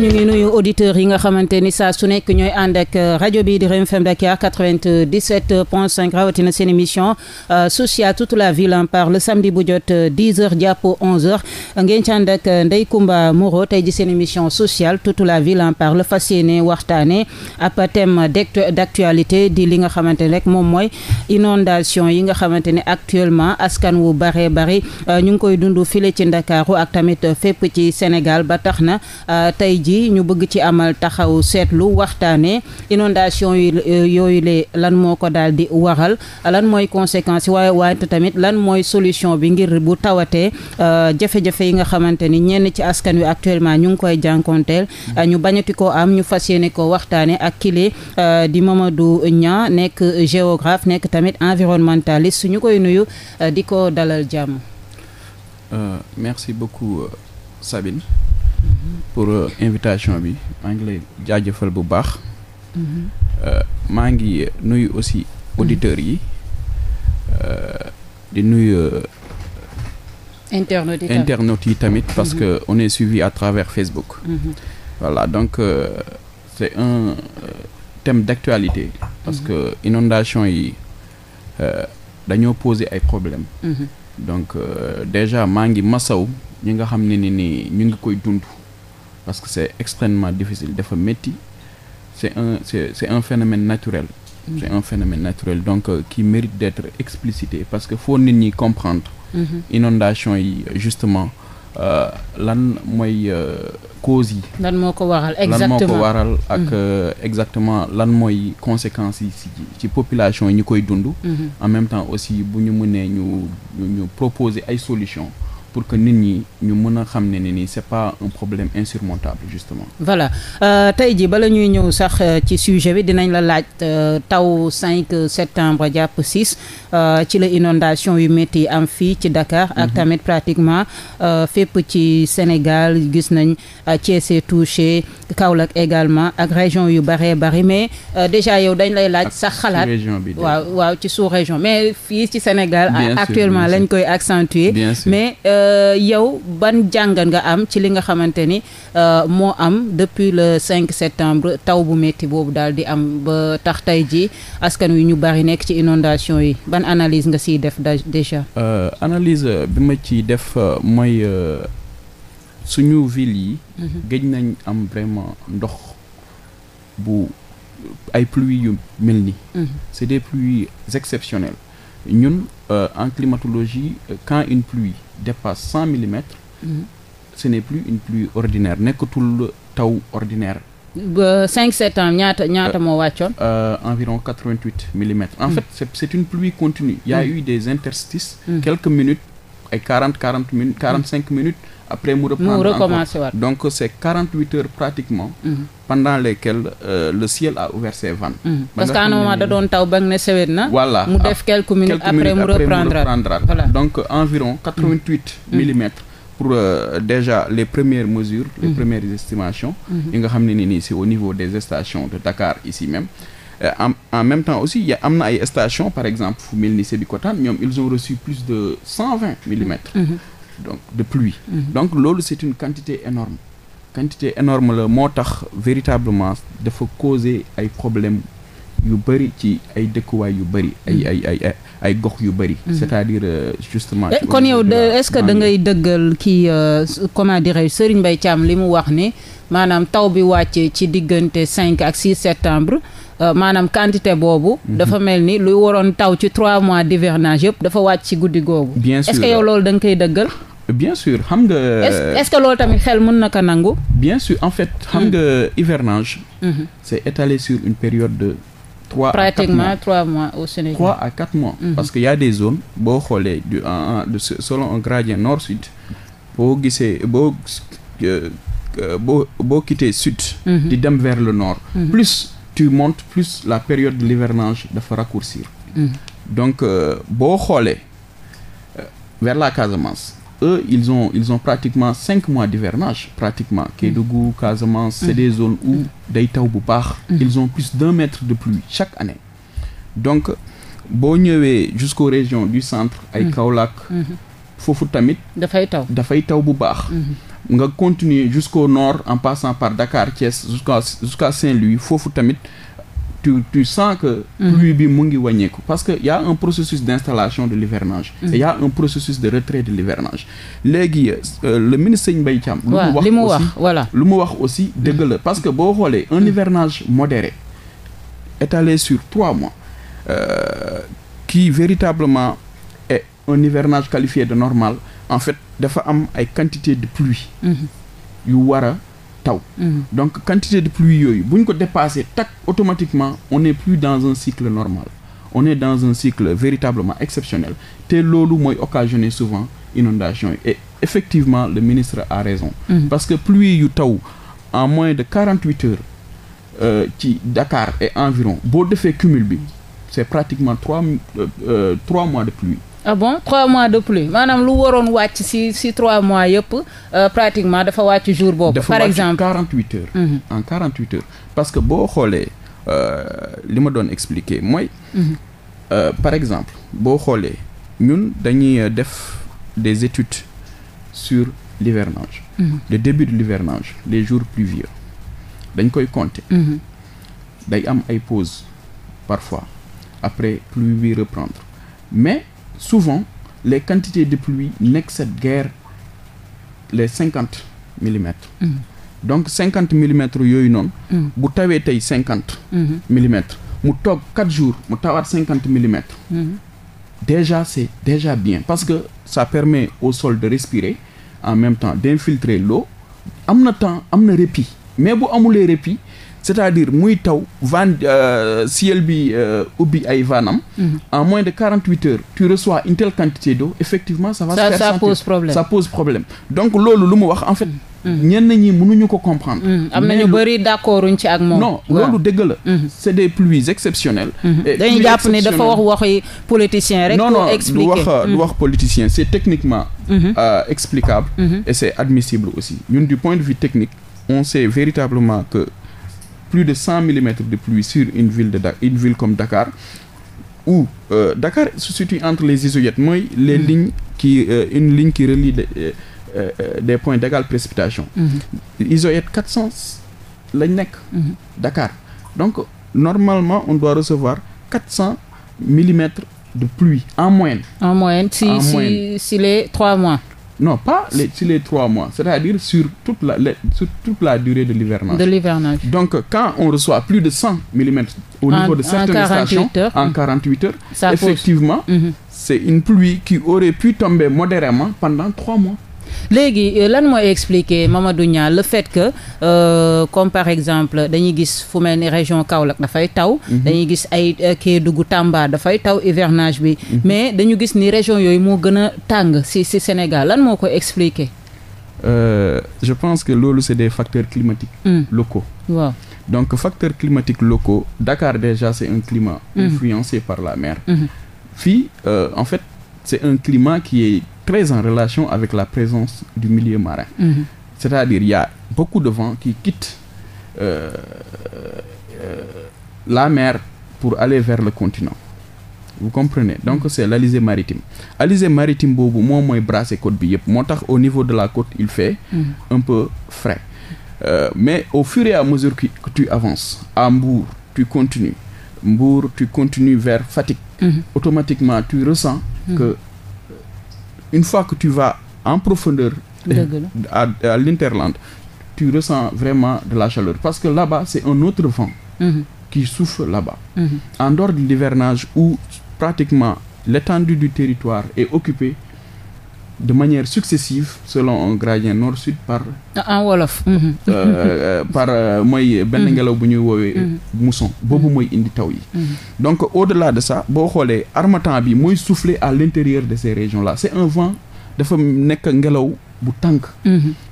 ñu ngi nuyu auditeurs yi nga xamante ni saa su nekk ñooy ànd ak euh, rajo bi di Rewmi FM Dakar 97 point 5 rawatina seen émission euh, sociale toute la ville en parle samedi bu jot 10 euh, heures jàpp 11 heures ngeen ci ànd ak Ndeye Comba tey ji seen émission sociale toute la ville en parle fas yéene waxtaane ab thème d'actualité di li nga xamante ni rek moom mooy inondation yi nga xamante ne actuellement askan wu bare bari ñu ngi koy dund file ci Ndakaaru ak tamit fépp ci Sénégal ba tax na ji ñu bëgg ci amal taxaw seetlu waxtaanee inondation yi euh, yooyu lee lan moo ko daal di waral lan mooy conséquence waaye waante tamit lan mooy solution bi ngir bu tawatee euh, jafe-jafe yi nga xamante ni ñenn ci askan wi actuellement ñu ngi koy jànkonteel mm-hmm. ñu bañati ko am ñu fas yéene ko waxtaanee ak kile euh, di du Niang nekk géographe nekk tamit environnementaliste su ñu koy nuyu di ko dalal jàmm. beaucoup Sabine. pour euh, invitation bi maa ngi lay jaajëfal bu baax. Mm-hmm. Euh, maa ngi nuyu aussi auditeurs yi euh, di nuyu. internautes yi tamit parce mm-hmm. que on est suivi à travers Facebook. Mm-hmm. voilà donc c'est un thème d'actualité. parce que inondation yi dañoo poser ay problèmes. donc euh, déjà maa ngi masaw ñi nga xam ne ni ni ñu ngi koy dund parce que c'est extrêmement difficile dafa métti c'est un c'est c'est un phénomène naturel mm-hmm. c'est un phénomène naturel donc euh, qui mérite d'être explicité parce que foo nit ñi comprendre mm-hmm. inondation yi justement Euh, lan mooy euh, causes yi. lan moo ko waral exactement lan waral ak mm-hmm. euh, exactement lan mooy conséquences yi ci ci population yi ñu koy dund. Mm-hmm. en même temps aussi bu ñu mënee ñu ñu proposer ay solutions. pour que nit ñi ñu mën a xam ne ni nii c'est pas un problème insurmontable justement voilà euh, tey ji bala ñuy ñëw sax euh, ci sujet bi dinañ la laaj euh, taw 5 septembre jàpp 6 ci la inondation yu métti am fii ci Dakar ak mhm. tamit pratiquement fépp ci Sénégal gis nañ Thiès est touché Kaolack également ak région yu baree bari mais déjà yow dañ lay laaj sax xalaat waaw ci sous région mais fii ci Sénégal actuellement lañ koy accentuer mais Euh, yow ban jàngat nga am ci li nga xamante ni euh, moo am depuis le 5 septembre taw bu métti boobu daal di am ba tax tey ji askan wi ñu bari nekk ci inondation yi ban analyse nga siy def déjà. Euh, analyse bi ma ciy def mooy suñu ville yi. Mhm. gëj nañ am vraiment ndox bu ay pluies yu mel ni. Mhm. c'est des pluies exceptionnelles. ñun euh, en climatologie euh, quand une pluie dépasse cent millimètres mhm. ce n'est plus une pluie ordinaire nekkatul taw ordinaire ba 5 septembre ñaata ñaata moo wàccoon. Euh, euh, environ 88 millimètres. en mm. fait c' est, c' est une pluie continue. y' a mhm. eu des interstices. Mhm. quelques minutes ay quarante quarante minutes quarante cinq minutes après mu reprendre recommencer waat donc c'est quarante huit heures pratiquement mhm. pendant lesquelles euh, le ciel a ouvert ses vannes mhm. parce qu'à un moment da doon taw ba ne sewet na voilà mu def ah, quelques minutes après mu reprendre voilà donc environ mhm. quatre vingt huit pour euh, déjà les premières mesures les mmh. premières estimations yi xam ne ni nii au niveau des stations de Dakar ici même Euh, en en même temps aussi am na ay station par exemple fu mel ni Sébikotane ñoom ils ont reçu plus de cent vingt millimètres mm-hmm. donc de pluie mm-hmm. donc loolu c'est une quantité énorme quantité énorme la moo tax véritablement dafa causer ay problème yu bëri ci ay dëkkuwaay yu bëri mm-hmm. ay ay ay gox yu bëri c'est-à-dire euh, justement eh, kon yow de est-ce que da ngay dëggal kii euh, comment dirais-je Serigne Mbaye li mu wax ni maanaam taw bi wàcce ci diggante cinq ak six septembre Euh, maanaam quantité boobu. Mhm. dafa mel ni luy waroon taw ci trois mois d'hivernage yëpp dafa wàcc ci guddi googu. bien sûr est-ce que yow loolu da nga koy dëggal. bien sûr xam nga. est-ce que loolu tamit xel mën na ko nangu. bien sûr en fait. xam nga mhm. hivernage. Mhm. c'est étalé sur une période de. trois à quatre mois pratiquement trois mois au Sénégal. trois à quatre mois. parce que y a des zones boo xoolee du selon un gradient nord-sud boo gisee boo euh, boo boo quitter sud. di dem vers le nord. plus. tu montes plus la période de l'hivernage dafa raccourcir mm. donc euh, boo xoolee euh, vers la Casamance eux ils ont pratiquement cinq mois d'hivernage pratiquement mm. Kédougou Casamance c'est mm. des zones où mm. day taw bu baax ils ont plus d'un mètre de pluie chaque année donc boo ñëwee jusqu'aux régions du centre ay Kaolack mm-hmm. foofu tamit dafay taw bu baax mm-hmm. nga continuer jusqu'au nord en passant par Dakar Thiès jusqu'à jusqu'à Saint-Louis foofu tamit tu tu sens que mhm. pluie bi mu ngi wàññeeku parce que y a un processus d'installation de l'hivernage mhm. et y a un processus de retrait de l'hivernage léegi euh, le ministre Serigne Mbaye Thiam lu mu voilà lu mu wax aussi dëgg la parce que boo xoolee un mhm. hivernage modéré étalé sur trois mois euh, qui véritablement est un hivernage qualifié de normal en fait dafa am ay quantité de pluie mhm. yu war a taw mhm. donc quantité de pluie yooyu bu ñu ko dépassé tak automatiquement on n'est plus dans un cycle normal on est dans un cycle véritablement exceptionnel te loolu mooy occasionner souvent inondation et effectivement le ministre a raison mhm. parce que pluie yu taw en moins de quarante huit heures euh, ci euh, et environ boo defee cumul bi c'est pratiquement trois euh, euh, mois de pluie ah bon trois de pluie maanaam lu waroon wàcc si ci trois mois yëpp euh, pratiquement dafa wàcc jour boobu. par exemple dafa wàcc 48 heures. Mm -hmm. en parce que boo xoolee euh, li ma doon expliquer mooy. Mhm. Euh, par exemple boo xoolee ñun dañuy def des études sur l'hivernage mm le début de l'hivernage les jours pluvieux dañ koy compter. Mhm. day am ay pauses parfois après pluie bi reprendre mais. souvent les quantités de pluie n'excèdent guère les cinquante millimètres. Mm. donc cinquante millimètres yooyu noonu. Mm. bu tawee tey cinquante. Mm-hmm. millimètres mu toog quatre jours mu tawaat cinquante millimètres. Mm-hmm. déjà c'est déjà bien parce que ça permet au sol de respirer en même temps d'infiltrer l'eau am na temps am na répit mais bu amulee répit c'est-à-dire muy taw van euh, ciel bi euh, ubbi ay vanam. Mhm. en moins de quarante huit heures tu reçois une telle quantité d'eau effectivement ça va. ça ça pose problème ça pose problème donc loolu lu mu wax en fait. Mhm. ñenn ñi mënuñu ko comprendre. Mhm. am na ñu bëri d'accord uñ ci ak moom. non loolu dëgg la. c'est des pluies exceptionnelles. dañu jàpp ne dafa wax waxi politicien rek. pour expliquer non non du wax euh, du wax politicien c'est techniquement. explicable. et c'est admissible aussi ñun du point de vue technique plus de cent millimètres de pluie sur une ville de da une ville comme Dakar où euh, Dakar se situe entre les isoyettes mooy les mm. lignes qui euh, une ligne qui relie de, euh, euh, des points d'égale précipitation mm -hmm. isoyette quatre cent lañ nekk mm Dakar donc normalement on doit recevoir quatre cent millimètres de pluie en moyenne en moyenne si en les trois mois non pas les sur mois c'est-à-dire sur toute la les, sur toute la durée de l'hivernage de l'hivernage donc quand on reçoit plus cent millimètres au en, niveau de certaines stations en quarante-huit heures effectivement mm -hmm. c'est une pluie qui aurait pu léegi euh, lan mooy expliquer Mamadou Niang le fait que euh, comme par exemple dañuy gis fu mel ni région Kaolack dafay taw. Mhm. dañuy gis ay euh, Kédougou Tamba dafay taw hivernage bi. Mhm. mais dañu gis ni région yooyu moo gën a tàng ci ci Sénégal lan moo ko expliquer. Euh, je pense que loolu c'est des facteurs climatiques. Mmh. locaux. waaw donc facteurs climatiques locaux Dakar déjà c'est un climat. Mmh. influencé par la mer. Mmh. fii euh, en fait c'est un climat qui est très en relation avec la présence du milieu marin. Mm -hmm. C'est-à-dire y a beaucoup de vents qui quittent euh, euh, la mer pour aller vers le continent. vous comprenez donc mm-hmm. c'est l'alizé maritime alizé maritime boobu moom mooy brasser code bi yëpp moo tax au niveau de la côte il fait mm-hmm. un peu frais euh, mais au fur et à mesure que tu avances à Mbour tu continues Mbour tu continues vers Fatick mm-hmm. automatiquement tu ressens une fois que tu vas en profondeur euh, à, à l'interland tu ressens vraiment de la chaleur parce que là-bas c'est un autre vent mm -hmm. qui souffle là-bas mm -hmm. en dehors de l'hivernage où pratiquement l'étendue du territoire est occupée de manière successive selon un gradient nord-sud par. Ah, en wolof. Euh, mhm. euh, par euh, mooy benn mhm. ngelaw bu ñuy woowee. Mhm. mousson boobu mooy indi taw yi. donc au-delà de de sax boo xoolee harmattan bi mooy souffler à l'intérieur de ces régions là c'est un vent dafa nekk ngelaw bu tànk.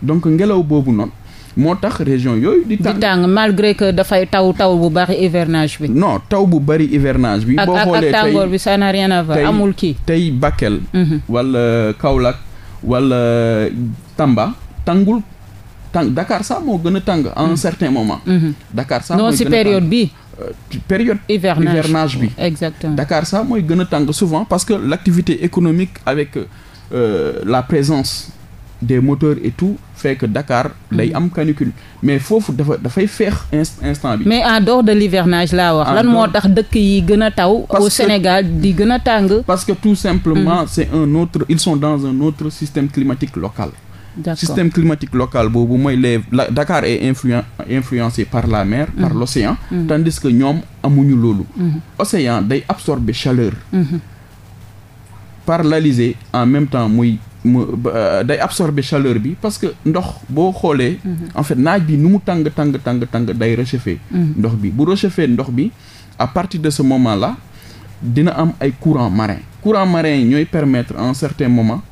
donc ngelaw boobu noonu. moo tax région yooyu di tàng di tàng malgré que dafay taw taw bu bari hivernage bi non taw bu bari hivernage bi boo xoolee ak tàngoor bi ça n'a rien à amul kii tey Bakel mhm. walla Kaolack walla euh, Tamba tàngul tàng Dakar sax moo gën a tàng à un mhm. certain moment mhm. Dakar sax si période bi euh, période hivernage bi exactement Dakar sax mooy gën a tàng souvent parce que l'activité économique avec euh, la présence des moteurs et tout fait que Dakar day am canicule mais foofu dafa dafay feex instant bi. mais en dehors de l'hivernage laa wax. lan moo tax dëkk yi gën a taw. au Sénégal di gën a tàng. parce que tout simplement. Mm. c'est un autre ils sont dans un autre système climatique local. D'accord. système climatique local boobu mooy les la Dakar est influencé par la mer mmh. par l'océan mmh. tandis que ñoom amuñu loolu mm. océan day absorber chaleur mmh. en même temps muy mu euh, day absorber chaleur bi parce que ndox boo xoolee. Mhm. en fait naaj bi nu mu tàng tàng tàng tàng day réchauffer. Mhm. ndox bi bu réchauffer ndox bi à partir de ce moment là dina am ay courant marin courant marin yi ñooy permettre en certain moment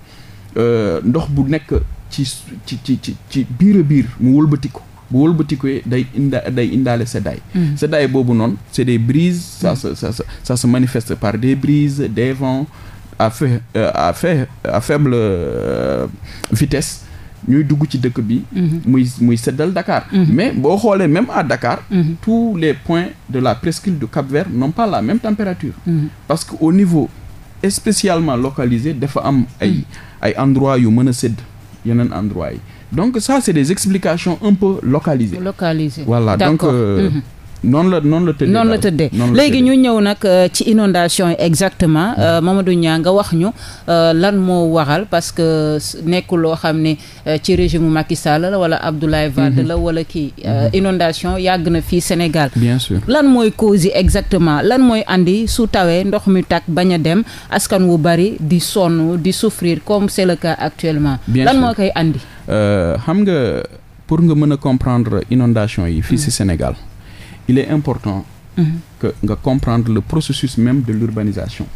euh, ndox bu nekk ci ci ci ci ci biir a biir mu wëlbatiku. bu wëlbatikuwee day inda day indaale seddaay mhm. seddaay boobu noonu c'est des brises ça se ça se ça se manifeste par des brises des a fait euh, à fait à faible euh, vitesse ñuy dugg ci dëkk bi. Mhm. muy muy seddal dakaar mhm. mais boo xoolee même à Dakar. Mhm. tous les points de la presqu'île du Cap-Vert n'ont pas la même température. parce que au niveau spécialement localisé dafa am ay ay endroits yu mën a sédd yeneen endroits yi donc ça c'est des explications un peu localisées. localisées voilà donc. noonu la noonu la noonu la tëddee léegi ñu ñëw nag euh, ci inondation yi exactement hmm. euh, Mamadou Niang nga wax ñu euh, lan moo waxal parce que nekkul loo xam ne ci régime Macky Sall la wala Abdoulaye hmm. Wade la wala kii hmm. inondation yàgg na fii Sénégal lan mooy cause yi exactement lan mooy indi su tawee ndox mi tàkk bañ a dem askan wu bari di sonn di souffrir comme c'est le cas actuellement lan moo koy andi xam nga pour nga mën a comprendre inondation yi fii si Sénégal il est important mm-hmm. que nga comprendre le processus même de l'urbanisation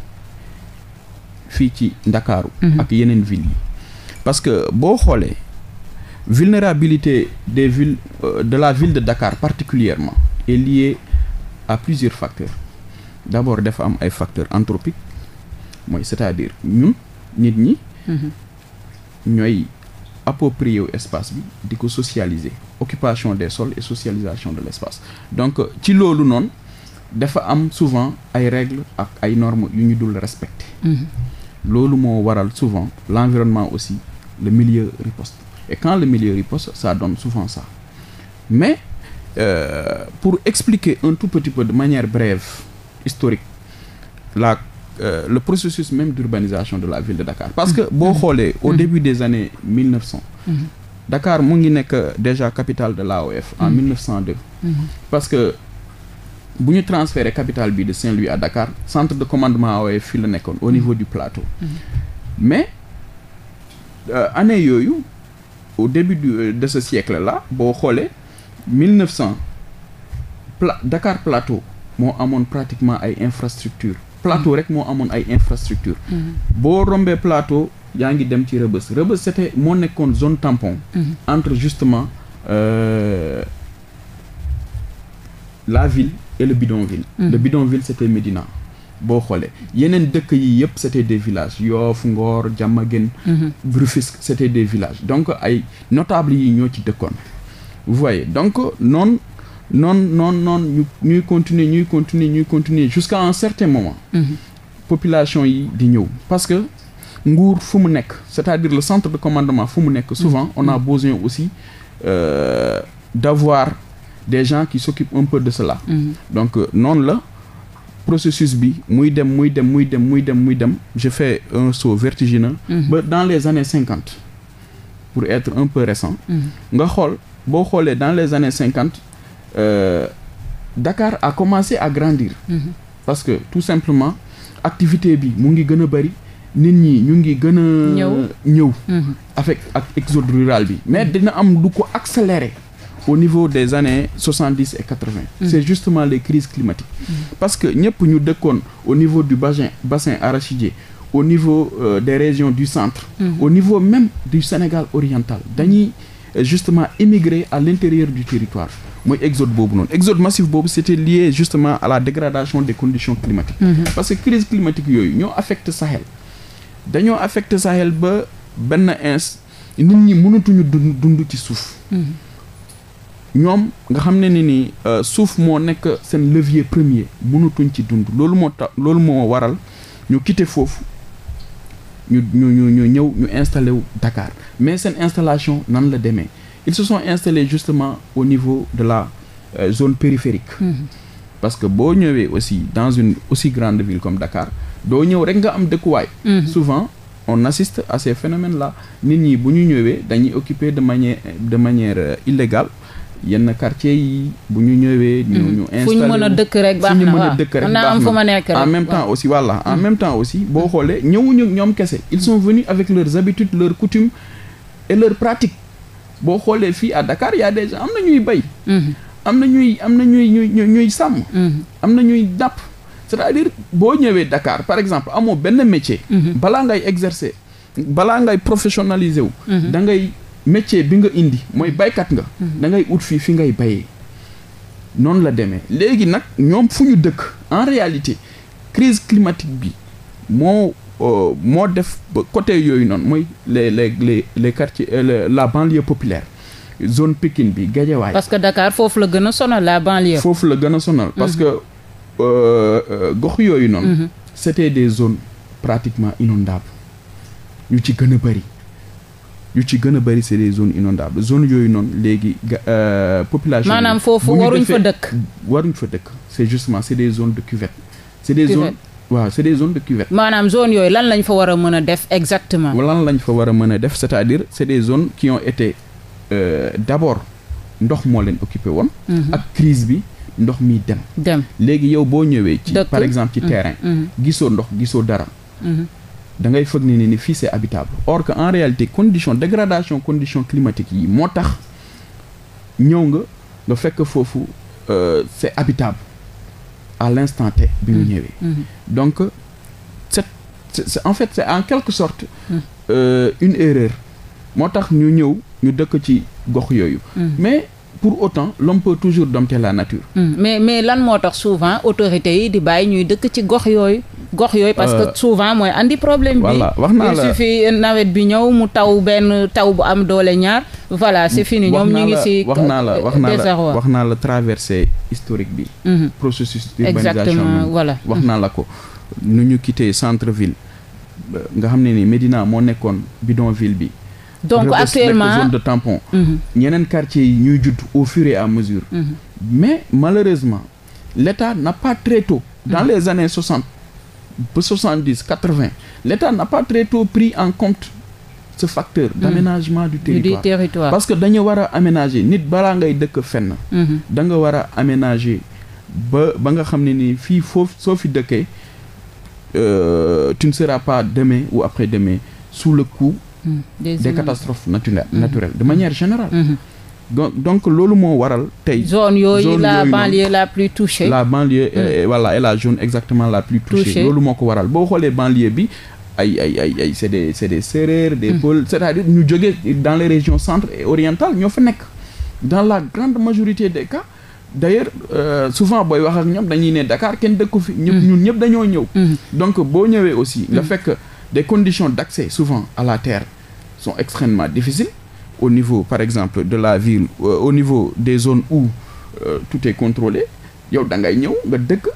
fii ci Ndakaaru mm-hmm. ak yeneen villes yi parce que boo xoolee vulnérabilité des villes euh, de la ville de Dakar particulièrement est liée à plusieurs facteurs d'abord dafa am ay facteurs anthropiques mooy c'est-à-dire ñun nit ñi mm-hmm. ñooy approprié wu espace bi di ko socialiser occupation des sols et socialisation de l' espace donc ci loolu noonu dafa am souvent ay règles ak ay normes yu ñu dul respecter mm-hmm. loolu moo waral souvent l' environnement aussi le milieu riposte et quand le milieu riposte ça donne souvent ça mais euh, pour expliquer un tout petit peu de manière brève historique la euh, le processus même d'urbanisation de la ville de Dakar parce mm-hmm. que boo mm-hmm. xoolee au mm-hmm. début des années 1900 Dakar mu ngi nekk déjà capitale de l'AOF en 1902 parce que bu ñu transféré capital bi de Saint-Louis à Dakar centre de commandement AOF fii la nekkoon au niveau du plateau mais euh, yooyu au début du, euh, de ce siècle là boo xoolee 1900 pla Dakar plateau moo amoon pratiquement ay infrastructures plateau rek moo amoon ay infrastructure mhm. boo rombee plateau yaa ngi dem ci rëbës rëbës c'était moo nekkoon zone tampon mhm. entre justement euh, la ville et le bidonville mhm. le bidonville c'était Médina boo xoolee yeneen dëkk yi yëpp c'était des villages ngoor Ngor Diamaguène Rufisque c'était des village donc ay notables yi ñoo ci dëkkoon vous donc noonu noon noonu noonu ñuy continuer ñuy continuer ñuy continuer jusqu'à un certain moment mm-hmm. population yi di ñëw parce que nguur fu mu nekk c'est-à-dire le centre de commandement fu mu nekk souvent mm-hmm. on a besoin aussi euh, d'avoir des gens qui s'occupent un peu de cela mm-hmm. donc euh, noonu la processus bi muy dem muy dem muy dem muy dem muy dem je fais un saut vertigineux ba dans les années cinquante pour être un peu récent nga xool boo xoolee dans les années cinquante euh, Dakar a commencé à grandir. Mhm. parce que tout simplement activité bi mu ngi gën a bari nit ñi ñu ngi gën a. ñëw ñëw. Mhm. avec ak exode rural bi. mais mhm. dina am lu ko accélérer au niveau des années soixante dix et quatre vingt. c'est justement les crises climatiques. parce que ñëpp ñu dëkkoon au niveau du bassin bassin arachidier au niveau euh, des régions du centre. au niveau même du Sénégal oriental dañuy. justement émigré à l'intérieur du territoire mooy exode boobu noonu exode massif boobu c'était lié justement à la dégradation des conditions climatiques mm -hmm. parce que crise climatique yooyu ñoo affecté Sahel dañoo affecté Sahel ba benn ins nit ñi mënatuñu dund dund ci suuf mm-hmm. ñoom nga xam ne ni ni euh, suuf moo nekk seen levier premier mënatuñ ci dund loolu moo tax loolu moo waral ñu quitté foofu ñu ñu ñu ñu ñëw ñu installé wu Dakar mais seen installation nan la demee ils se sont justement au niveau de la euh, zone périphérique mm-hmm. parce que boo ñëwee aussi dans une aussi grande ville comme Dakar doo ñëw rek nga am dëkkuwaay mm-hmm. souvent on assiste à ces phénomènes la nit ñi bu ñu ñëwee dañuy occuper de manière de manière euh, illégale yenn quartier yi bu ñu ñëwee. ñu mhm. ñu installé fu ñu mën a dëkk rek baax na naa am fu ma nekk rek en même temps aussi voilà en mhm. même temps aussi boo xoolee ñëwuñu ñoom kese. ils sont venus avec leurs habitudes leurs coutumes et leurs pratiques boo xoolee fii à Dakar y a des am na ñuy bay. Mhm. am na ñuy am na ñuy ñuy ñuy sàmm. am na ñuy napp c'est-à-dire boo ñëwee Dakar par exemple amoo benn métier. balaa ngay exercer balaa ngay professionnaliser wu. métier bi nga indi mooy baykat nga. Mhm. da ngay ut fii fi ngay bayee. noonu la demee léegi nag ñoom fu ñu dëkk en réalité crise climatique bi moo euh, moo def côté yooyu noonu mooy les les les les quartiers euh, la banlieue populaire zone Pikine bi Guédiawaye. parce que Dakar foofu la gën a sonal la banlieue. foofu la gën a sonal. parce mhm. que euh, euh, gox yooyu noonu. Mm -hmm. c'était des zones pratiquement inondables ñu ci gën a bari. yu ci gën a bëri c'est des zones inondables zone yooyu noonu léegi ga euh, population. maanaam foofu waruñ fa dëkk waruñ fa dëkk c'est justement c'est des zones de cuvette. c'est des zones waaw c'est des zones de cuvette. maanaam zone yooyu lan lañ fa war a mën a def exactement. lan lañ fa war a mën a def c'est-à-dire c'est des zone qui ont été euh, d'abord ndox moo leen occupé woon. Mhm. ak crise bi. ndox mi dem. dem léegi yow boo ñëwee. ci par exemple ci mhm. terrain. Mhm. gisoo ndox gisoo dara. da ngay foog ne ni fii c'est habitable or que en réalité condition dégradation condition climatique yi moo tax ñëw nga nga fekk foofu euh, c'est habitable à l'instant T bi ñu mm. ñëwee mm-hmm. donc c'est c'est en fait c'est en quelque sorte mm. euh, une erreur moo tax ñu ñëw ñu dëkk ci gox yooyu mm. mais pour autant l'homme peut toujours dompter la nature mais mais lan moo tax souvent autorités yi di bàyyi ñuy dëkk ci gox yooyu gox yooyu parce que euh, souvent mooy andi problème bi wax naa la il suffit nawet bi ñëw mu taw benn taw bu am doole ñaar voilà c'est fini ñoom si wax naa la wax naa la wax naa la traversée historique bi mhm. processus d'urbanisation voilà wax naa la ko nu ñu quitté centre ville nga xam ne ni Médina moo nekkoon bidonville bi donc actuellement zone de tampon ñeneen mhm. quartier yi ñuy judd au fur et à mesure mhm. mais malheureusement l'État n'a pas très dans les années soixante ba soixante-dix quatre-vingt l'État n'a pas très tôt pris en compte ce facteur hmm. d'aménagement du territoire. du territoire parce que dañu war a aménager nit balaa ngay dëkk fenn. Hmm. da nga war a aménager ba ba nga xam ne ni fii foofu soo fi dëkkee euh, tun ne seras pas demain ou après demain sous le coup. Hmm. des catastrophes naturelles de manière générale. donc loolu moo waral tey. zone yooyu la banlieue la plus touchée. la banlieue hmm. euh, voilà et la zone exactement la plus touchée loolu moo ko waral boo xoolee banlieue bi. ay ay ay ay c'est des c'est des Sérères des hmm. Peul c'est-à-dire ñu jógee dans les régions centre et orientales ñoo fa nekk dans la grande majorité des cas d'ailleurs euh, souvent booy wax ak ñoom dañuy ne Dakar kenn dëkku fi ñëpp hmm. ñun ñëpp dañoo ñëw donc boo ñëwee aussi nga fekk des conditions d'accès souvent à la terre sont extrêmement difficiles au niveau par exemple de la ville euh, au niveau des zones où euh, tout est contrôlé yow da ngay ñëw nga dëkk.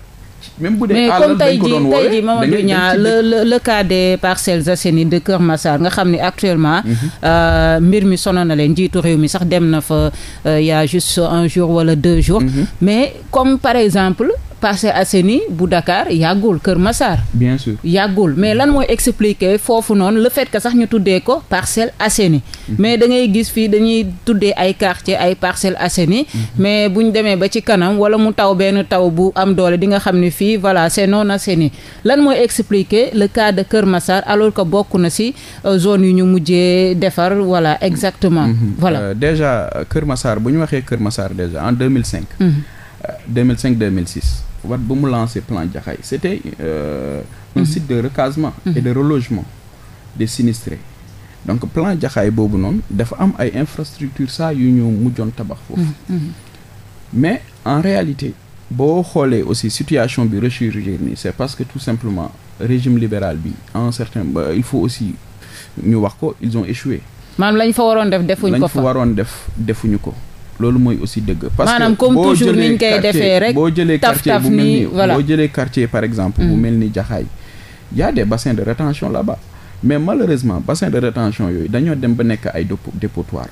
même bu dee àll mais comme tey jii Mamadou Niang le le cas des Parcelles Assainies de Kër Massar nga xam ni actuellement. Mhm. Euh, mbir mi sono na leen njiitu réew mi sax dem na fa y a juste un jour wala deux jours. Mhm. mais comme par exemple. Parcelles Assainies bu Dakar yàggul Kër Massar. bien sûr yàggul mais lan mooy expliquer foofu noonu la fait que sax ñu tuddee ko Parcelles Assainies. Mm-hmm. mais da ngay gis fii dañuy tuddee ay quartier ay Parcelles Assainies. Mm-hmm. mais bu ñu demee ba ci kanam wala mu taw benn taw bu am doole di nga xam ni fii voilà c'est non lan mooy expliquer le cas Kër Massar alors que bokk na si euh, zone yu ñu mujjee defar voilà exactement. Mm-hmm. Euh, voilà déjà Kër masaar bu ñu waxee Kër Massar déjà en 2005. 2005 2006. wat ba mu lancé plan Jaxaay c'était euh, un mm-hmm. site de recasement et mm-hmm. de relogement des sinistrés donc plan Jaxaay boobu noonu dafa am ay infrastructure saa yu ñu mujjoon tabax foofu mm-hmm. mais en réalité boo xoolee aussi situation bi rechérigir nii c'est parce que tout simplement régime libéral bi en certain euh, il faut aussi ñu wax ko ils ont échoué maanaam lañ fa waroon def defuñ ko fa fa waroon def defuñu ko loolu mooy aussi dëgg. parce maanaam boo jëlee quartier boo jëlee quartier bu mel ni par exemple. bu mm. mel ni Jaxaay y a des bassins de rétention là-bas mais malheureusement bassin de rétention yooyu dañoo dem ba nekk ay dépotoir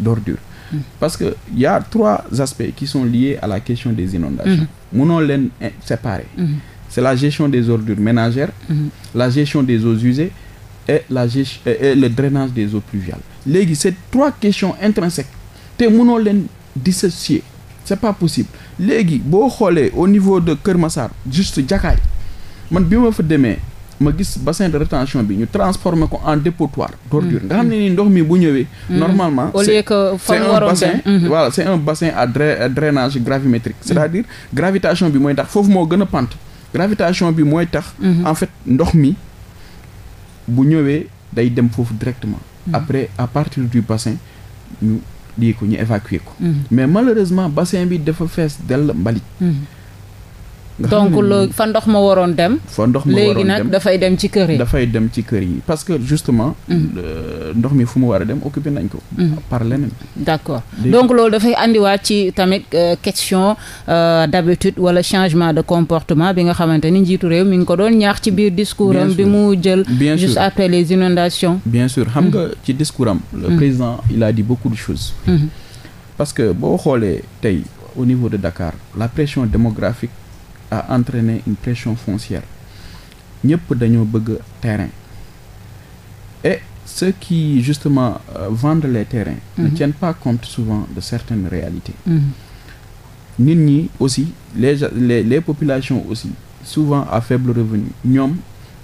d'ordure mm. parce que y trois aspects qui sont liés à la question des inondations mm-hmm. mënoo leen séparer mm-hmm. c'est la gestion des ordures ménagères mm-hmm. la gestion des eaux usées et le drainage des eaux pluviales léegi c'est trois questions intrinsèques te mënoo leen dissocier c'est pas possible léegi boo xoolee au niveau de Kër Massar juste jakaay man bi ma fa demee ma gis bassin de rétention bi ñu transformer ko en dépotoir d'ordure mm. nga xam ne ni ndox mi bu ñëwee mm-hmm. normalement au lieu que c'est un mm-hmm. un bassin à drainage gravimétrique mm-hmm. c'est-à-dire gravitation bi mooy tax foofu moo gën a pente gravitation bi mooy tax en fait ndox mi bu ñëwee day dem foofu directement après à partir du bassin di ko ñu évacuer ko mm-hmm. mais malheureusement bassin bi dafa fees dell mbalit mm-hmm. donc hmm. loolu fa ndox ma waroon dem. fa ndox léegi nag dafay dem ci kër yi. dafay dem ci kër yi parce que justement. Hmm. ndox mi fu mu war a dem occupé nañ ko. Hmm. par leneen. d' accord donc loolu dafay andiwaat ci tamit euh, question euh, d' habitude wala changement de comportement bi nga xamante ni njiitu réew mi ngi ko doon ñaax ci biir discours am. bi mu jël juste après les inondations. bien sur xam nga ci discours am. le président il a dit beaucoup de choses. parce que boo xoolee tey au niveau de Dakar la pression démographique. a entraîné une pression foncière ñëpp dañoo bëgg terrain et ceux qui justement euh, vendent les terrains mm -hmm. ne tiennent pas compte souvent de certaines réalités mm-hmm. nit ñi aussi les, les les populations aussi souvent à faible revenu ñoom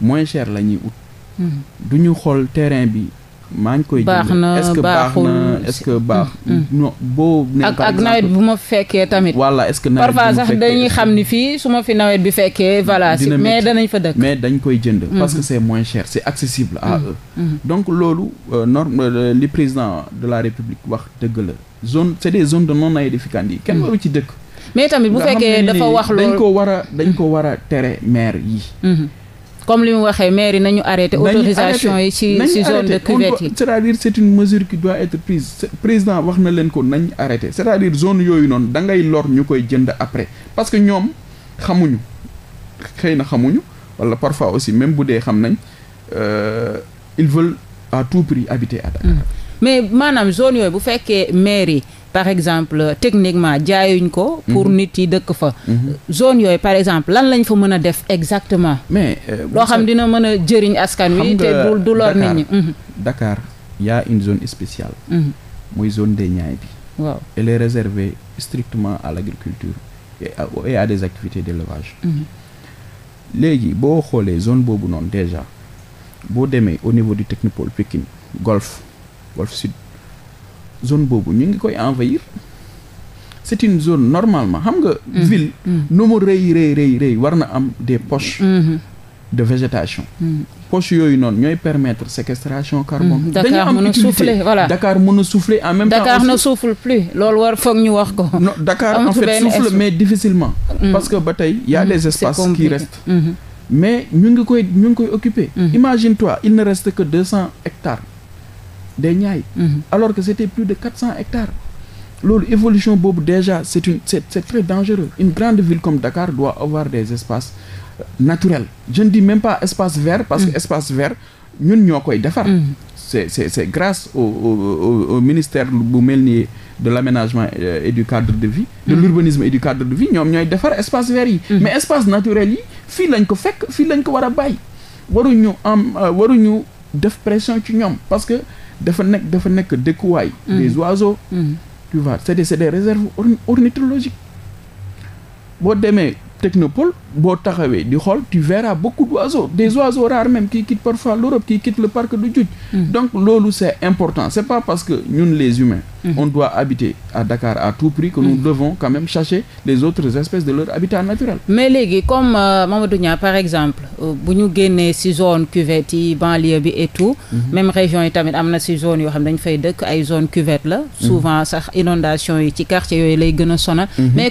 moins cher la ñuy ut mm-hmm. xool terrain bi maa ngi koy baax na est que baax na est-ce que baax mm, mm, mm. non boo ne ak nawet bu ma fekkee tamit voilà est-ce que nawet parfois sax dañuy xam ni fii su ma fi nawet bi fekkee voilà si mais danañ fa dëkk mais dañ koy jënd parce que c'est moins cher c'est accessible à eux donc loolu euh, norme euh, li président de la République wax dëgg la zone c'est des zones de non-aedificandi yi kenn waru ci dëkk mais tamit bu fekkee dafa wax loolu dañ ko war a dañ ko war a tere maire yi mm-hmm. comme li mu waxee maire yi nañu arrêté autorisation yi ci ci zone de cuvette yi c'est-à-dire c'est une mesure qui doit être prise président wax na leen ko nañ arrêté cest à zone yooyu noonu dangay ngay lor ñu koy jënd après parce que ñoom xamuñu xëy na xamuñu wala parfois aussi même bu dee xam nañ euh, il veulent à tout prix habiter à mais maanaam zone yooyu bu fekkee mairie par exemple techniquement jaayuñ ko. pour mhm. nit yi dëkk fa. Mhm. zone yooyu par exemple lan lañ fa mën a def exactement. mais euh, loo xam dina mën a jëriñ askan wi. te du lor nit ñi mhm. Dakar y une zone spéciale. mooy zone des Niayes bi. waaw elle est réservée strictement à l'agriculture et à, des activités d'élevage. léegi boo xoolee zone boobu noonu déjà boo demee au niveau du technopole Pikine golf Golf Sud zone boobu ñu ngi koy envahir c'est une zone normalement xam nga. Mm. Mm. ville nu mu rëy rëy rëy war na am des poches. Mm-hmm. de végétation. Mm. poches yooyu noonu ñooy permettre séquestration carbone. dañuy am utilité Dakar mën a souffler en même Dakar temps. Dakar ne souffle plus loolu war foog ñu wax ko. non Dakar en fait souffle mais difficilement. parce que ba tey y a des espaces qui restent. Mm-hmm. mais ñu ngi koy ñu ngi koy occuper. Mm-hmm. imagine toi il ne reste que deux hectares. des Niayes mhm. alors que c'était plus de quatre cent hectares loolu évolution boobu déjà c'est une c'est c'est très dangereux une grande ville comme Dakar doit avoir des espaces euh, naturels je ne dis même pas espace vert parce que mhm. espace vert ñun ñoo koy defar mhm. c'est c'est c'est grâce au ministère bu mel ni de l'aménagement euh, et du cadre de vie de l'urbanisme et du cadre de vie ñoom ñooy defar espace vert yi mais espace naturel yi fii lañ ko fekk fii lañ ko war a bàyyi waruñu am euh, waruñu def pression ci ñoom dafa nekk dafa nekk dëkkuwaay. Mm. des oiseaux. Mm. tu vois c'est des c'est des réserves ornithologiques boo demee technopole boo taxawee di xool tu verras beaucoup d'oiseaux des oiseaux rares même qui quittent parfois l'Europe qui quittent le parc de Djoudj mm. donc loolu c'est important c'est pas parce que ñun les humains mm. on doit habiter à Dakar à tout prix que nous mm. devons quand même chercher les autres espèces de leur habitat naturel mais euh, euh, ci zone bi et tout mm-hmm. même région yi tamit am na si zone yoo xam ne dañ fay dëkk ay zone cuvette la mm-hmm. souvent sax inondation yi ci quartier yooyu lay gën a sonal mais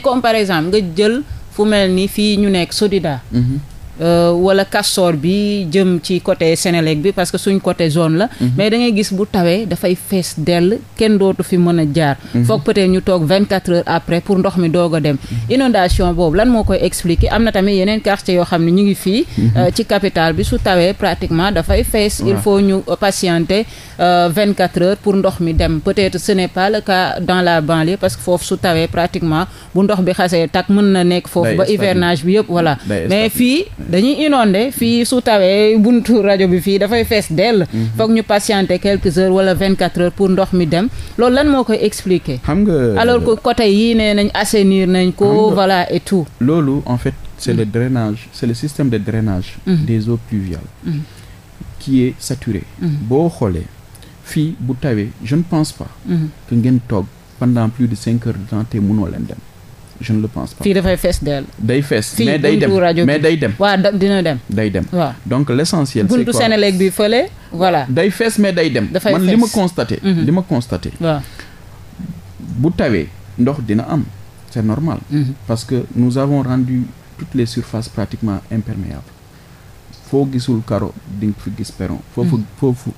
fu mel ni fii ñu nekk Sodida mhm. Euh, wala Castor bi jëm ci côté Sénélec bi parce que suñ côté zone la. Mhm. mais da gis bu tawee dafay fees dell kenn dootu fi mën a jaar. Mhm. foog peut ñu toog vingt quatre après pour ndox mi doog a dem. Mhm. inondation boobu lan moo koy expliquer am na tamit yeneen quartier yoo xam ne ñu ngi fii. Euh, ci capital bi su tawee pratiquement dafay fees. il faut ñu patienter euh, vingt quatre heures pour ndox mi dem peut-être ce n'est pas le cas dans la banlieue parce que foofu su tawee pratiquement bu ndox bi xasee tak mën na nekk foofu ba hivernage bi yëpp voilà dañuy inondé fii su tawee buntu rajo bi fii dafay fees dell. Mhm. foog ñu patienter quelques heures wala vingt quatre heures pour ndox mi dem loolu lan moo koy expliquer. xam nga alors que côté yii nee nañ assenir nañ ko. voilà et tout. loolu en fait c'est le mhm. drainage c'est le système de drainage. Mhm. des eaux pluviales. qui est saturé. boo xoolee fii bu tawee je pense pas. que ngeen toog pendant plus de cinq heures de temps te mënoo leen dem. je le pense pas. fii dafay fees dell. day fees mais day dem mais day dem. waaw dina dem. day dem waaw donc l' essentiel. c' est quoi buntu Sénélec bi fële voilà. day fees mais day dem. dafay fees man li ma constaté. Mhm. li ma constaté. waaw bu tawee ndox dina am c' est normal. Mhm. parce que nous avons rendu toutes les surfaces pratiquement imperméables. foo gisul carreau di nga fi gis perron. foofu mhm. foofu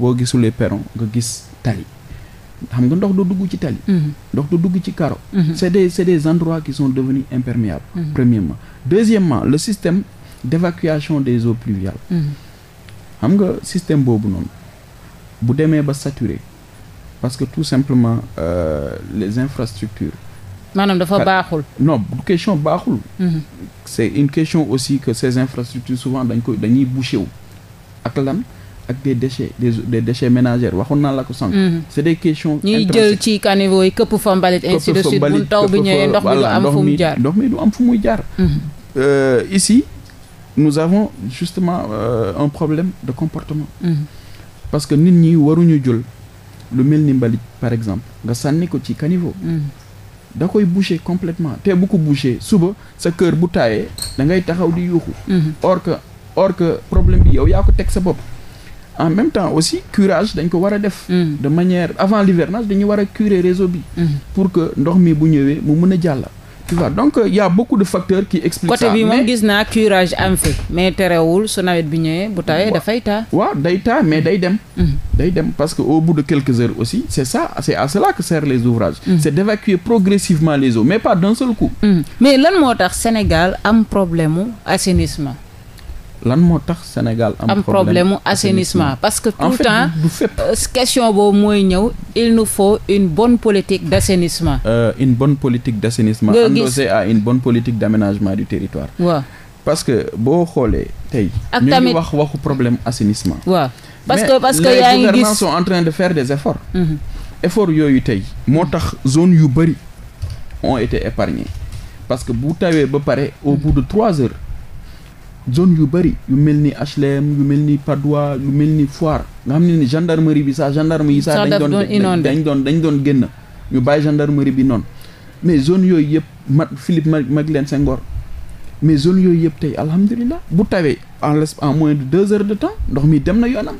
boo gisulee perron nga gis tali. xam nga ndox du dugg ci tali. Mm-hmm. ndox du dugg ci karo. c' est des c' est des endroits qui sont devenus imperméables. Mm-hmm. premièrement deuxièmement le système d' évacuation des eaux pluviales. Mm-hmm. xam nga système boobu noonu bu demee ba saturé parce que tout simplement euh, les infrastructures. maanaam dafa baaxul. non question baaxul. c' est une question aussi que ces infrastructures souvent dañ koy dañuy bouché wu ak lan. ak des déchets des des déchets waxoon naa la ko sànq. Mm-hmm. c' est des questions. ñuy jël ci caniveau yi këpp fa mbalit. ainsi de suite bu taw bi ñëwee ndox mi du am fu muy jaar ndox mi du am fu muy jaar. Mm-hmm. Euh, justement euh, un problème de comportement. Mm-hmm. parce que nit ñi waruñu jël lu mel ni mbalit par exemple nga sànni ko ci caniveau. da koy boucher complètement te bu ko boucher suba sa kër bu taayee da ngay taxaw di yuuxu. or que or que problème bi yow yaa ko teg sa bopp. en même temps aussi curage dañ ko war a def mm. de manière avant l'hivernage dañu war a curer réseau bi mm. pour que ndox mi bu ñëwee mu mën a jàll tu donc euh, y a beaucoup de facteurs qui expliquent côté bi moom gis naa curage am fi mais terewul su nawet bi ñëwee bu tawee dafay taa waaw day taa mais day dem mm. day dem parce que au bout de quelques heures aussi c'est ça c'est à cela que servent les ouvrages mmh. c'est d'évacuer progressivement les eaux mais pas d'un seul coup lan moo tax Sénégal am problème mu assainissement lan moo tax Sénégal am problème mu assainissement parce que tout le temps euh, question boobu mooy ñëw il nous faut une bonne politique d'assainissement euh, une bonne politique d'assainissement endossée à une bonne politique d'aménagement du territoire waaw parce que boo xoolee tey ñu ngi wax waxu problème assainissement waa parce que parce que yaa ngi gis sont en train de faire des efforts mhm. effort yooyu tey moo tax zone yu bëri on été épargnées parce que bu tawee ba pare au mhm. bout de trois heures zone yu bëri yu mel ni HLM yu mel ni Padois yu mel ni Foire nga xam ne ni gendarmerie bi sax gendarme yi sax dañ doon dañ doon génn ñu bàyyi gendarmerie bi noon mais zone yooyu yëpp mat Philippe Maguilène Senghor mais zone yooyu yëpp tey alhamdulilah bu tawee en l' en moins de deux heures de temps ndox mi dem na yoonam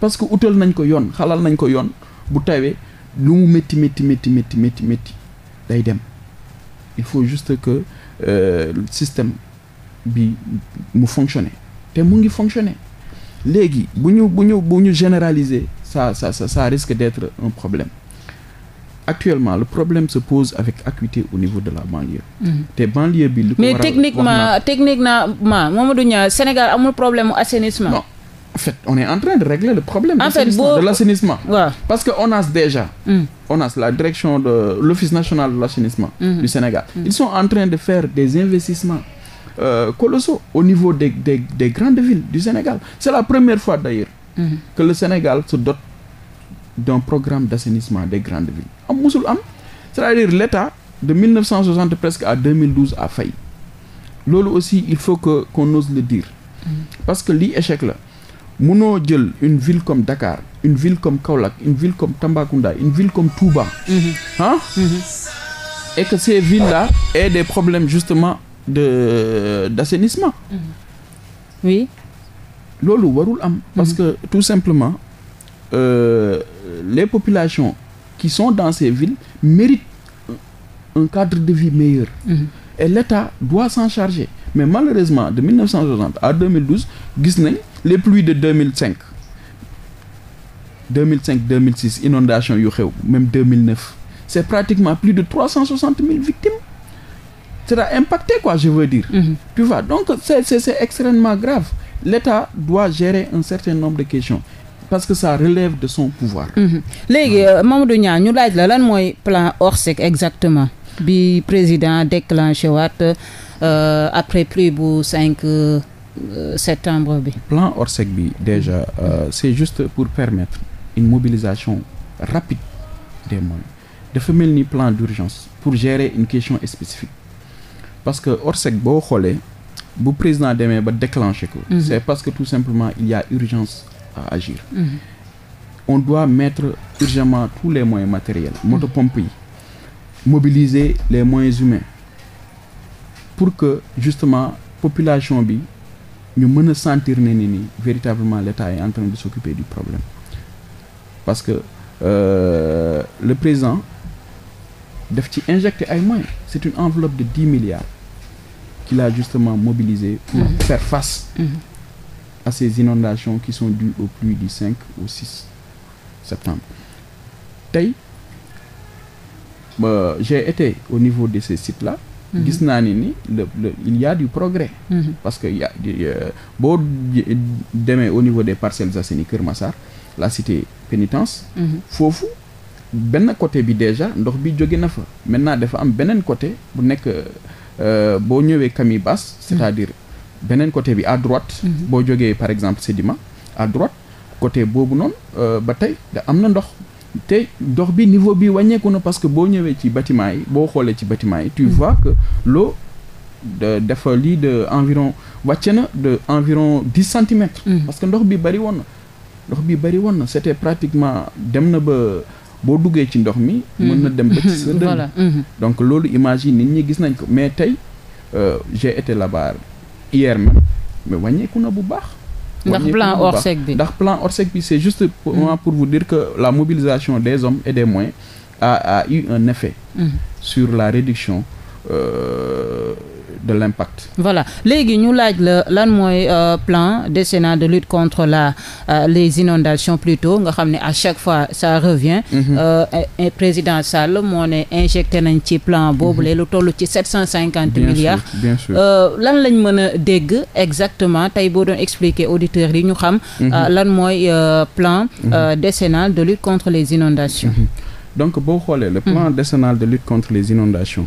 parce que utal nañ ko yoon xalal nañ ko yoon bu tawee lu mu métti métti métti métti day dem il faut juste que euh, bi mu fonctionner te mu ngi fonctionner léegi bu ñu bu ñu bu ñu généraliser ça ça ça ça risque d'être un problème actuellement le problème se pose avec acuité au niveau de la banlieue. Mhm. te banlieue bi. li ko mais techniquement techniquement Mamadou Niang Sénégal amul problème mu non en fait on est en train de régler le problème. de l'assainissement. parce que ONAS déjà. Hmm. ONAS la direction de l'office national de l'assainissement. Hmm. du Sénégal. Hmm. ils sont en euh, colossaux au niveau des, des, des, grandes villes du Sénégal. C'est la première fois d'ailleurs mhm. que le Sénégal se dote d'un programme d'assainissement des grandes villes. Am musul am c'est-à-dire l'État de 1960 presque à 2012 a failli. loolu aussi il faut que qu'on ose le dire. Mhm. parce que lii échec la munoo jël une ville comme Dakar une ville comme Kaolack une ville comme Tambacounda une ville comme Touba. ah. Mm -hmm. et que ces villes là aient des problèmes justement de d'assainissement. Mm-hmm. oui. loolu warul am. parce mm-hmm. que tout simplement euh, les populations qui sont dans ces villes méritent un cadre de vie meilleur. Mm-hmm. et l'État doit s'en charger mais malheureusement de 1960 à 2012 gis nañ les pluies de 2005 2005 2006 yu xew même 2009 c'est pratiquement plus de 360 000 victimes. sera impacté quoi je veux dire. Mmh. tu vois donc c'est c'est extrêmement grave l'État doit gérer un certain nombre de questions parce que ça relève de son pouvoir. Mhm. léegi euh, Mamadou Niang ñu laaj la lan mooy plan Orsec exactement bi président déclenché waat euh, après pluie bu 5 euh, septembre bi. plan Orsec bi déjà euh, c'est juste pour permettre une mobilisation rapide des moyens dafa mel ni plan d'urgence pour gérer une question spécifique. parce que Orsec boo xoolee bu président demee ba déclenché ko. Mm c'est parce que tout simplement il y a urgence à agir. Mhm. on doit mettre urgemment tous les moyens matériels. Mhm. moto pompe mobiliser les moyens humains pour que justement population bi ñu mën a sentir ne ni nii véritablement l'État est en train de s'occuper du problème parce que euh, le président def ci injecter ay moyens c'est une enveloppe de dix milliards. qu'il la justement mobilisé pour mmh. faire face mmh. à ces inondations qui sont dues aux pluies du 5 au 6 septembre. tey bah, euh, j'ai été au niveau de ces sites-là. Mm-hmm. gis naa ni ni le il y du progrès. Mm-hmm. parce que euh, boo demee au niveau des Parcelles Assainies Kër Massar la cité pénitence. Mm-hmm. foofu benn côté bi déjà ndox bi jóge na fa maintenant dafa am beneen côté bu nekk. Euh, boo ñëwee Camille Basse mm-hmm. c'est-à-dire beneen côté bi à droite mm-hmm. boo jógee par exemple Sedima à droite côté boobu noonu euh, ba tey da am na ndox te ndox bi niveau bi wàññeeku na parce que boo ñëwee ci bâtiment yi boo xoolee ci bâtiment yi tu mm-hmm. vois que loo defa lii de environ wàcce na de environ dix centimètres parce que ndox bi bari woon na ndox bi bari woon na c'était pratiquement dem na ba boo duggee ci ndox mi mën na dem ba ci mhm. donc loolu image yi nit ñi gis nañ ko mais tey euh, j'ai été là-bas hier même mais wàññeeku na bu baax ndax plan orsec bi ndax plan orsec bi c'est juste pour moi mhm. pour vous dire que la mobilisation des hommes et des moyens a a eu un effet mhm. sur la réduction euh, de l'impact. voilà léegi ñu laaj la lan mooy euh, plan décennal de lutte contre la euh, les inondations plutôt nga xam ne à chaque fois ça revient. Mhm. Euh, président Sall moo ne injecté nañ ci plan boobule mhm. lu toll ci sept cent cinquante milliards. bien sûr la lañ mën a dégg exactement tey boo doon expliquer auditeurs yi ñu xam. Mhm. lan mooy plan décennal de lutte contre les inondations. donc boo xoolee. le plan décennal de lutte contre les inondations.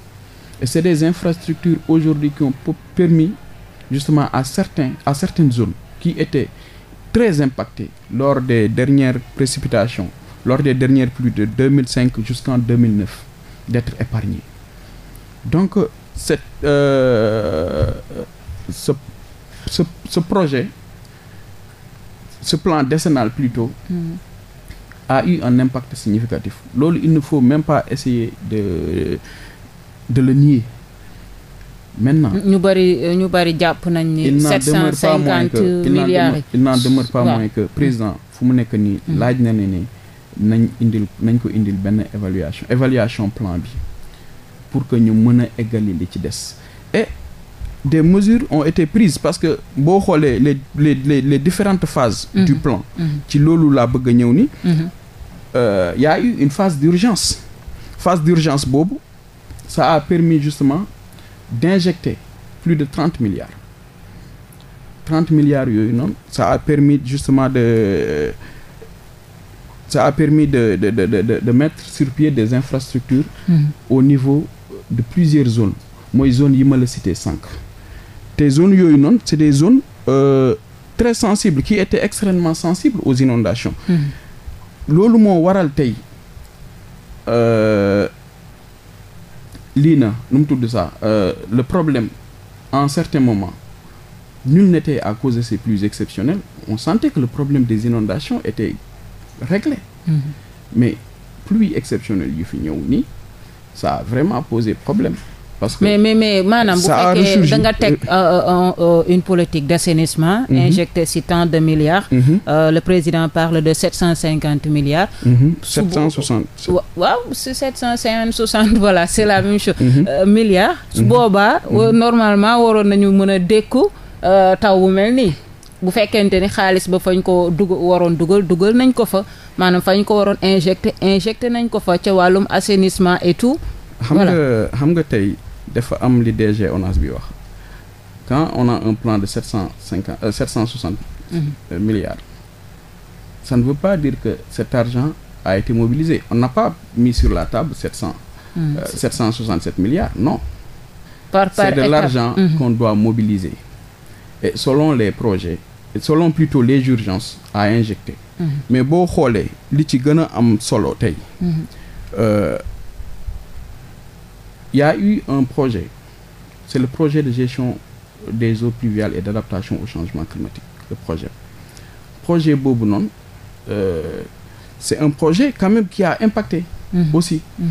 Et c'est des infrastructures aujourd'hui qui ont permis justement à, certains, à certaines zones qui étaient très impactées lors des dernières précipitations, lors des dernières plus de 2005 jusqu'en 2009, d'être épargnées. Donc, euh, cette, euh, ce, ce, ce, projet, ce plan décennal plutôt, hmm. a eu un impact significatif. il ne faut même pas essayer de, de le nier maintenant. ñu bëri ñu bëri jàpp nañ ni. 750 milliards il n'en demeure pas moins que président fu mu nekk nii. Mm. laaj na ne ni nañ indil nañ ko indil benn évaluation évaluation plan bi pour que ñu mën a eggali li ci des e des mesures ont été prises parce que boo xoolee les les les les différentes phases. Mm-hmm. du plan. Mm-hmm. ci loolu laa bëgg a ñëw ni. Mm-hmm. Euh, y a eu une phase d'urgence phase d'urgence boobu. ça a permis justement d'injecter plus de trente milliards trente milliards yooyu noonu ça a permis justement de a permis de de de de de mettre sur pied des infrastructures mmh. au niveau de plusieurs zones mooy zones yi ma la cité sànq te zones yooyu noonu c'est des zones euh, très sensibles qui étaient extrêmement sensibles aux inondations mmh. loolu moo waral tey euh, lii na nu mu tudd ça euh, le problème en certains moment nul n'était à cause de ces pluies exceptionnelles on sentait que le problème des inondations était réglé mm -hmm. mais pluie exceptionnelle yu fi ñëw nii ça a vraiment posé problème parce mais mais mais maanaam bu fekkee da nga teg euh, euh, euh, une politique d' assainissement. Mm -hmm. injecté si tant de milliards. Mm le président parle de sept cent cinquante milliards. Mm-hmm. sept cent waaw sept cent cinquante soixante voilà est la même chose. Mm-hmm. Euh, su boobaa normalement waroon nañu mën a dékku taw bu mel nii. bu fekkente ni xaalis ba fañ ko dug waroon dugal dugal nañ ko fa maanaam fañ ko waroon injecté injecté nañ ko fa ca wàllum assainissement et tout. xam nga xam nga tey. dafa am li DG ONAS bi wax quand on a un plan de sept cent cinquante euh, sept cent soixante mhm. euh, milliards ça ne veut pas dire que cet argent a été mobilisé on n'a pas mis sur la table sept cent mhm. euh, sept cent soixante sept milliards non par, par c'est de l'argent mmh. qu'on doit mobiliser et selon les projets et selon plutôt les urgences à injecter mhm. mais boo xoolee li ci gën a am solo tey il a eu un projet c'est le projet de gestion des eaux pluviales et d'adaptation au changement climatique le projet projet boobu noonu euh, c'est un projet quand même qui a impacté mmh. aussi mmh.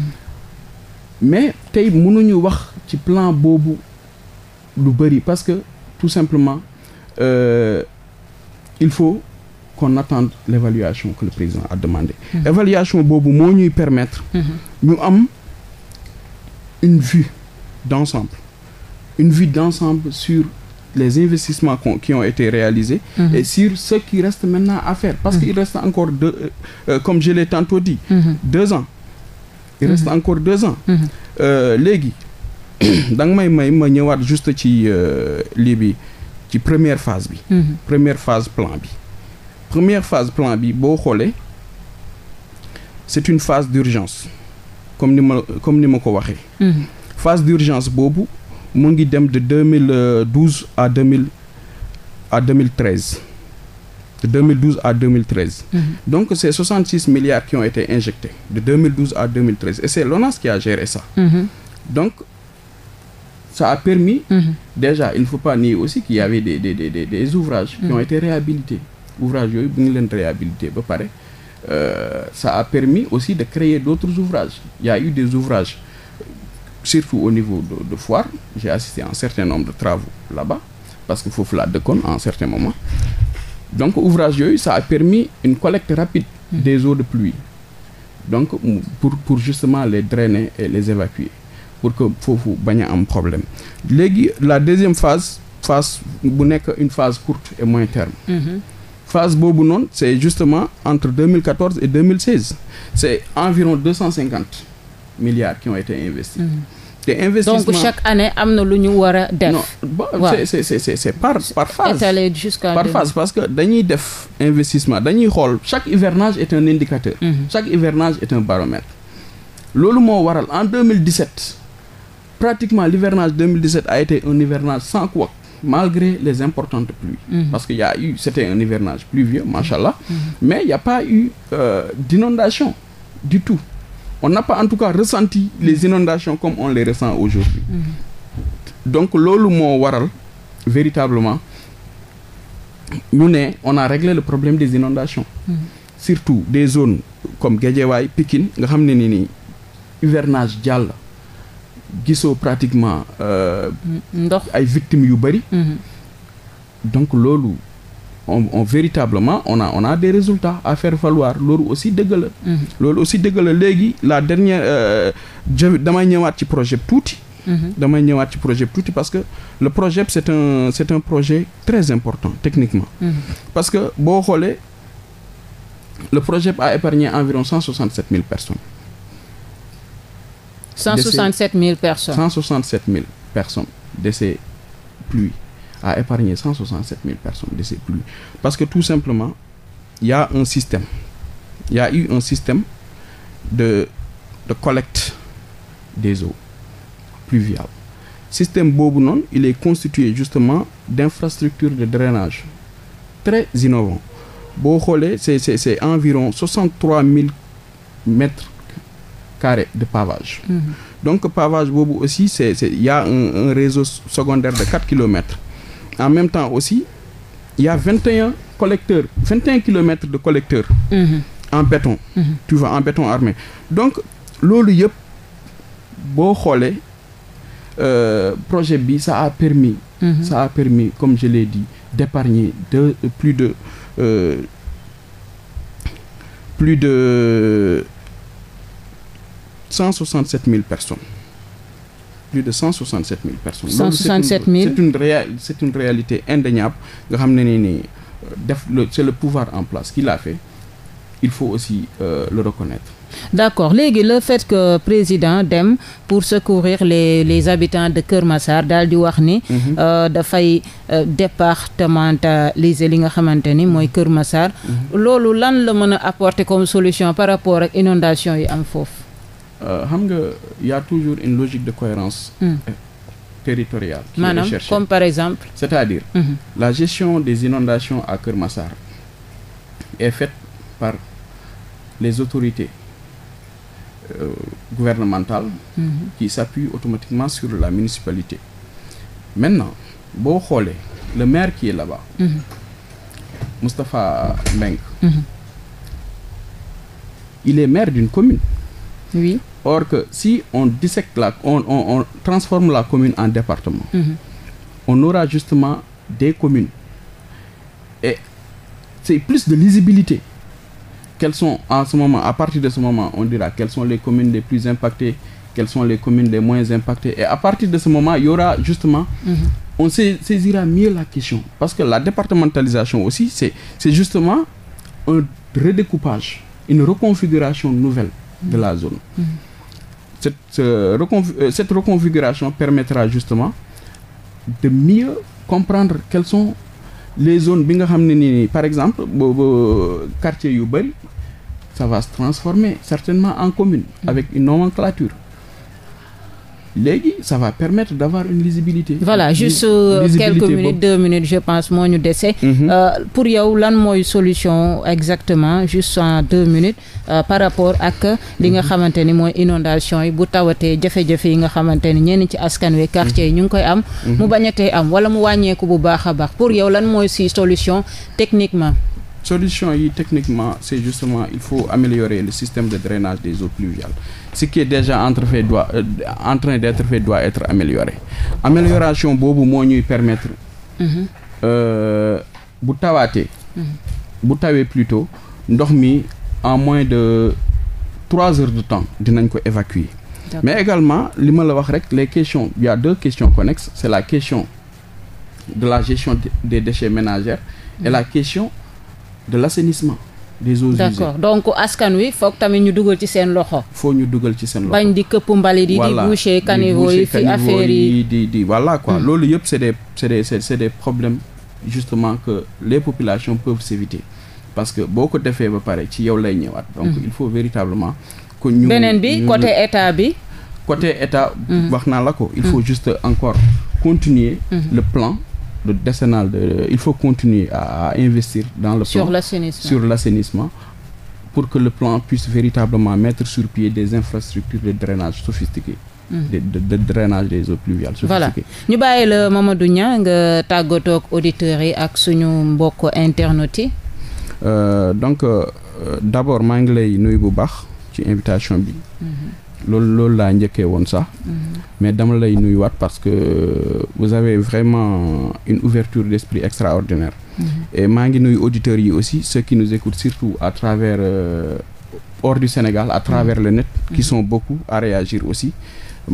mais tey mënuñu wax ci plan boobu lu bëri parce que tout simplement euh, il faut qu'on attende l'évaluation que le président a demandé mm-hmm. évaluation boobu moo ñuy permettre mm-hmm. ñu am une vue d'ensemble, une vue d'ensemble sur les investissements qu on, qui ont été réalisés mhm. et sur ce qui reste maintenant à faire. Parce mm -hmm. qu'il reste encore deux, euh, euh, comme je l'ai tantôt dit, mm -hmm. deux ans. Il reste mhm. encore deux ans. Mhm. Euh, léegi danga may may ma ñëwaat juste ci lii bi ci première phase bi. première phase plan bi. première phase plan bi boo xoolee c'est une phase d'urgence comme ni ma comme ni ma ko waxee. Hmm. phase d'urgence boobu mu ngi dem de deux mille euh, douze à deux mille à deux mille treize. de 2012 à 2013. Mmh. Hmm. donc c'est 66 milliards qui ont été injectés de 2012 à 2013 et c'est l'ONAS qui a géré ça. Hmm. donc ça a permis. Mmh. déjà il ne faut pas nier aussi qu'il y avait des ouvrages. qui ont été réhabilités ouvrage yooyu bu ngi leen réhabilité ba pare. euh, ça a permis aussi de créer d'autres ouvrages. Il y eu des ouvrages, surtout au niveau de, de Foire. J'ai assisté à un certain nombre de travaux là-bas, parce qu'il foofu la déconne à un certain moment. Donc, ouvrage yooyu ça a permis une collecte rapide hmm. des eaux de pluie. donc pour pour justement les drainer et les évacuer pour que foofu bañ a am problème léegi la deuxième phase phase bu nekk une phase courte et moyen terme. Hmm. phase boobu noonu c' est justement entre 2014 et 2016 c' est environ 250 milliards qui ont été investis. Mhm. te investissement donc chaque année am na lu ñu war a def. par par phase. par phase parce que dañuy def investissement dañuy xool chaque hivernage est un indicateur. Mm -hmm. chaque hivernage est un baromètre. loolu moo waral en 2017 pratiquement l'hivernage 2017 a été un hivernage sans couac. malgré les importantes pluies. Mhm. Parce que y a eu, c'était un hivernage pluvieux, machallah, mhm. mhm. mais il n'y pas eu euh, d'inondation du tout. On n'a pas en tout cas ressenti les inondations comme on les ressent aujourd'hui. Donc loolu moo waral véritablement ñu ne on a réglé le problème des inondations. Surtout des zones comme Guédiawaye, Pikine nga xam ne ni nii hivernage jàll. gisoo pratiquement. Euh, ndox ay victimes yu bëri. Mm-hmm. donc loolu on on véritablement on a on a des résultats à faire valoir loolu aussi dëgg la. Mm-hmm. loolu aussi dëgg léegi la dernière euh, je damay ñëwaat ci projet tuuti. Mm-hmm. damay ñëwaat ci projet tuuti parce que le projet c'est un c'est un projet très important techniquement. parce que boo xoolee le projet a épargné environ cent soixante mille personnes. 167 000 personnes. 167 000 personnes décès pluie a épargné 167 000 personnes décès pluie parce que tout simplement il y a un système il y a eu un système de de collecte des eaux pluviales système boobu noonu il est constitué justement d'infrastructures de drainage très innovant boo xoolee c'est c'est c'est environ 63 000 mètres carrés de pavage. Mmh. donc pavage boobu aussi c'est c'est y a un, un réseau secondaire de kilomètres. en même temps aussi y a 21 collecteurs kilomètres de collecteurs. Mmh. en béton. Mhm. tu vois en béton armé donc loolu yëpp boo xoolee euh, projet bi mhm. ça a permis. comme je l'ai dit d'épargner plus de. Euh, plus de 167 000 personnes plus de 167 000 personnes. 167 000 loolu c'est une réa c'est une réalité indéniable nga xam ne ni def le c'est le pouvoir en place qui l'a fait il faut aussi euh, le reconnaître. d'accord léegi la fait que président dem pour secourir les les habitants de Kër Massar daal di wax ni. Mhm. Euh, dafay euh, départementaliser li nga xamante ni mooy Kër Massar. Mhm. loolu lan la mën a apporter comme solution par rapport ak inondation yi am foofu. Euh, xam nga y a toujours une logique de cohérence mm. euh, territoriale qui est recherchée comme par exemple c'est-à-dire mm-hmm. la gestion des inondations à Keur Massar est faite par les autorités euh, gouvernementales mm qui s'appuient automatiquement sur la municipalité maintenant boo xoolee le maire qui est là-bas mm -hmm. il est maire d'une commune Or que si on dissecte la, on, on, on transforme la commune en département, mm -hmm. on aura justement des communes. Et c'est plus de lisibilité. Quelles sont en ce moment, à partir de ce moment, on dira quelles sont les communes les plus impactées, quelles sont les communes les moins impactées. Et à partir de ce moment, il y aura justement, mm -hmm. on saisira mieux la question. Parce que la départementalisation aussi, c'est justement un redécoupage, une reconfiguration nouvelle de la zone. Mhm. cette, euh, reconf cette reconfiguration permettra justement de mieux comprendre quelles sont les zones bi nga xam ne nii par exemple boobu euh, quartier yu bëri ça va se transformer certainement en commune mm. avec une nomenclature léegi ça va permettre d'avoir une lisibilité. voilà juste euh, quelques minutes deux minutes je pense moo ñu dese. Mhm. Euh, pour yow lan mooy solution exactement juste en deux minutes euh, par rapport ak li nga mhm. xamante ni mooy inondation yi bu tawatee jafe-jafe yi nga xamante ni ñenn ci askan wi quartier yi ñu ngi koy am. Mhm. mu bañatee am wala mu wàññeeku bu baax a baax pour yow lan mooy si solution techniquement. solution yi techniquement c'est justement il faut améliorer le système de drainage des eaux pluviales ce qui est déjà entre fait doit euh, en train d'être fait doit être amélioré amélioration boobu moo ñuy permettre mhm. euh, bu tawaatee mhm. bu tawee plutôt ndox mi en moins de trois heures de temps dinañ ko évacuer mais également li ma la wax rek les questions il y a deux questions connexes c'est la question de la gestion des déchets ménagers et la question de l' assainissement des eaux usées. donc askan wi foog tamit ñu dugal ci seen loxo. foo ñu dugal ci seen loxo bañ di këpp mbalit yi. voilà di boucher caniveau yi fi affaire di di walla quoi. Hmm. loolu yëpp c' est des c' est des c' est des justement que les populations peuvent s'éviter parce que boo ko defee ba pare ci yow lay ñëwaat. donc hmm. il faut véritablement ko ñu. beneen bi côté état bi. côté état. Hmm. wax naa la ko. il faut juste encore continuer. le plan. de décennal de, il faut continuer à, à investir dans le sur l'assainissement pour que le plan puisse véritablement mettre sur pied des infrastructures de drainage sophistiquées mm. De, de, de des eaux pluviales voilà ñu bàyyi la Mamadou ñaa nga tàggatoog auditeurs yi ak suñu mbokk internautes yi euh, donc euh, d'abord maa ngi lay nuyu bu baax ci invitation bi mm-hmm. loolu loolu laa njëkkee woon sax mm-hmm. mais dama lay nuyuwaat parce que vous avez vraiment une ouverture d'esprit extraordinaire mm -hmm. et maa ngi nuyu auditeurs yi aussi ceux qui nous écoutent surtout à travers euh, hors du Sénégal à travers mm-hmm. le net qui mm-hmm. son beaucoup à réagir aussi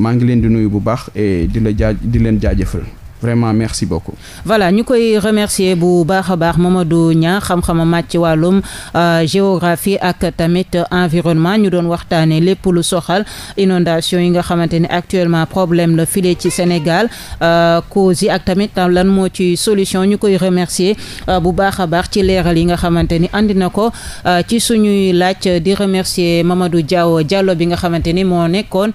maa ngi leen di nuyu bu baax et di la jaaj di leen jaajëfal vraiment merci beaucoup. voilà ñu koy remercier bu baax a baax Mamadou Niang xam-xama màcc ci wàllum euh, géographie ak tamit environnement ñu doon waxtaanee lépp lu soxal inondation yi nga xamante ne actuellement problème la file ci Sénégal euh, causes yi ak tamit lan moo ci solution ñu koy remercier euh, bu baax a baax ci leeral yi nga xamante ni andi na ko ci suñuy laaj di remercier Mamadou Diaw Diallo bi nga xamante ni moo nekkoon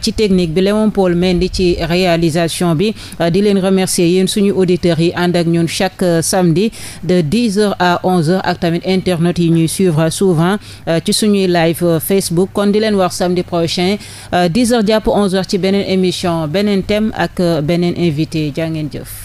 ci technique bi Léon Paul Mendy ci réalisation bi di leen remercier yéen suñu auditeurs yi ànd ak ñun chaque euh, samedi de 10 heures à 11 heures ak tamit internet yi ñuy suivre souvent euh, ci suñuy live euh, Facebook kon di leen wax samedi prochain 10 heures jàpp 11 ci beneen émission beneen thème ak beneen invité jaa ngeen jëf.